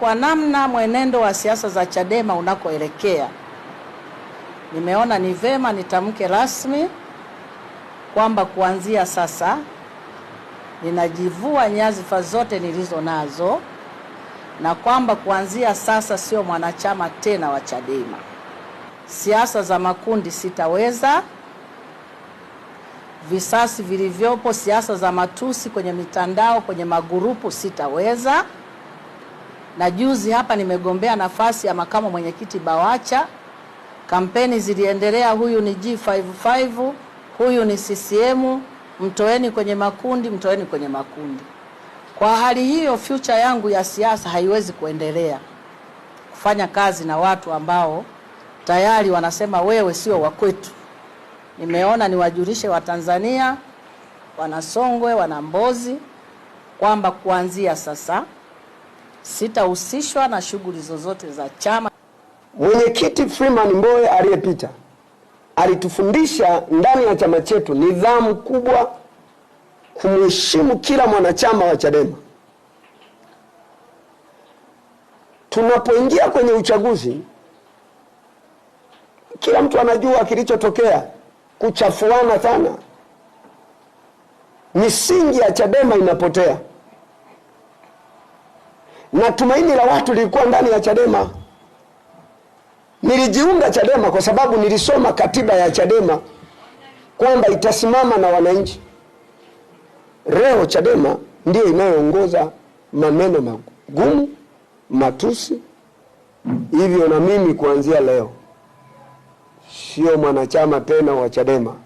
kwa namna mwenendo wa siasa za Chadema unakoelekea, nimeona ni vema nitamke rasmi kwamba kuanzia sasa ninajivua nyadhifa zote nilizo nazo na kwamba kuanzia sasa sio mwanachama tena wa Chadema. Siasa za makundi sitaweza. Visasi vilivyopo, siasa za matusi kwenye mitandao, kwenye magurupu sitaweza na juzi hapa nimegombea nafasi ya makamu mwenyekiti BAWACHA. Kampeni ziliendelea, huyu ni G55, huyu ni CCM, mtoeni kwenye makundi, mtoeni kwenye makundi. Kwa hali hiyo, future yangu ya siasa haiwezi kuendelea kufanya kazi na watu ambao tayari wanasema wewe sio wa kwetu. Nimeona niwajulishe Watanzania, Wanasongwe, Wanambozi kwamba kuanzia sasa sitahusishwa na shughuli zozote za chama. Mwenyekiti Freeman Mbowe aliyepita alitufundisha ndani ya chama chetu nidhamu kubwa, kumheshimu kila mwanachama wa Chadema. Tunapoingia kwenye uchaguzi, kila mtu anajua kilichotokea, kuchafuana sana, misingi ya Chadema inapotea na tumaini la watu lilikuwa ndani ya Chadema. Nilijiunga Chadema kwa sababu nilisoma katiba ya Chadema kwamba itasimama na wananchi. Leo Chadema ndiyo inayoongoza maneno magumu, matusi. Hivyo na mimi kuanzia leo sio mwanachama tena wa Chadema.